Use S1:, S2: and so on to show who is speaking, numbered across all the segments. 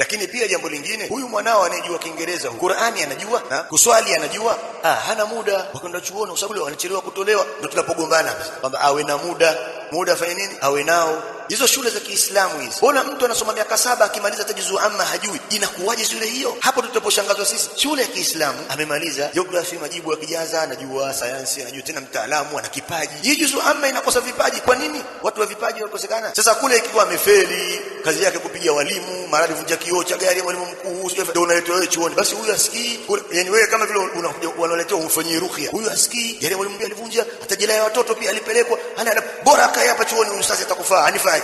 S1: Lakini pia jambo lingine, huyu mwanao anayejua Kiingereza, Qur'ani anajua ha? kuswali anajua ha, ah, hana muda wa chuoni kwa sababu wanachelewa kutolewa. Ndio tunapogombana kwamba awe na muda muda, afanye nini? Awe nao hizo shule za Kiislamu hizi. Mbona mtu anasoma miaka saba akimaliza hata amma hajui inakuwaje shule hiyo? Hapo tutaposhangazwa sisi. Shule ya Kiislamu amemaliza geography, majibu akijaza anajua, sayansi anajua, tena mtaalamu ana kipaji. Hii juzu amma inakosa vipaji. Kwa nini watu wa vipaji wakosekana? Sasa kule ikiwa amefeli kazi yake kupiga walimu, mara alivunja kioo cha gari mwalimu mkuu, sio ndio wewe chuoni. Basi huyu asikii, yani wewe kama vile unakuja unaletea umfanyie ruhia Huyu asikii, gari mwalimu pia alivunja, hata jela ya watoto pia alipelekwa, ana bora kae hapa chuoni, huyu atakufaa, hanifai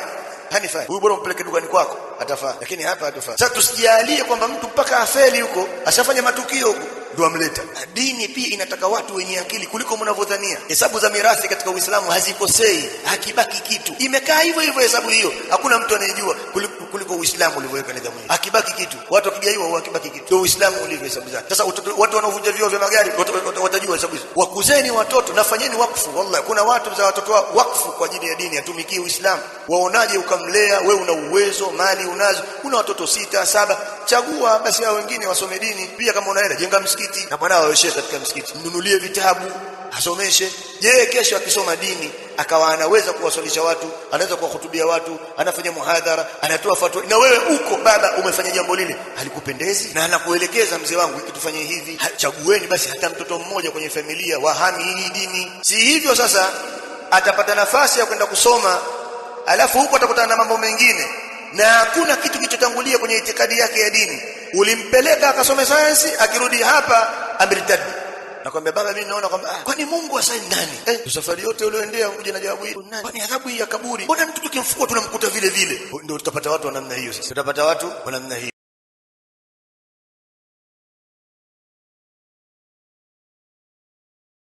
S1: hanifai. Huyu bora umpeleke dukani kwako, atafaa, lakini hapa atafaa Sasa tusijalie kwamba mtu mpaka afeli huko, ashafanya matukio huko ndio amleta dini pia inataka watu wenye akili kuliko mnavyodhania hesabu za mirathi katika Uislamu hazikosei hakibaki kitu imekaa hivyo hivyo hesabu hiyo hakuna mtu anayejua kuliko kuliko Uislamu ulivyoweka nidhamu hiyo hakibaki kitu watu wakigaiwa hakibaki kitu ndio Uislamu ulivyo hesabu zake sasa watu wanaovunja vioo vya magari watajua hesabu hizo wakuzeni watoto nafanyeni wakfu wallahi kuna watu za watoto wao wakfu kwa ajili ya dini atumikie Uislamu waonaje ukamlea wewe una uwezo mali unazo una watoto sita saba chagua basi hao wengine wasome dini pia kama una hela jenga msikiti msikiti na mwanao awe katika msikiti mnunulie vitabu asomeshe je kesho akisoma dini akawa anaweza kuwaswalisha watu anaweza kuwahutubia watu anafanya muhadhara anatoa fatwa na wewe uko baba umefanya jambo lile alikupendezi na anakuelekeza mzee wangu ikitufanye hivi chagueni basi hata mtoto mmoja kwenye familia wahami hii dini si hivyo sasa atapata nafasi ya kwenda kusoma alafu huko atakutana na mambo mengine na hakuna kitu kilichotangulia kwenye itikadi yake ya dini. Ulimpeleka akasome sayansi, akirudi hapa ameritadi. Nakwambia baba, mimi naona kwamba ah, kwani Mungu asaini nani? Eh, safari yote ulioendea kuja na jawabu hili. Kwani adhabu hii ya kaburi, mbona mtu tukimfukua tunamkuta vile vile? Ndio tutapata watu wa namna hiyo. Sasa tutapata watu wa namna hiyo.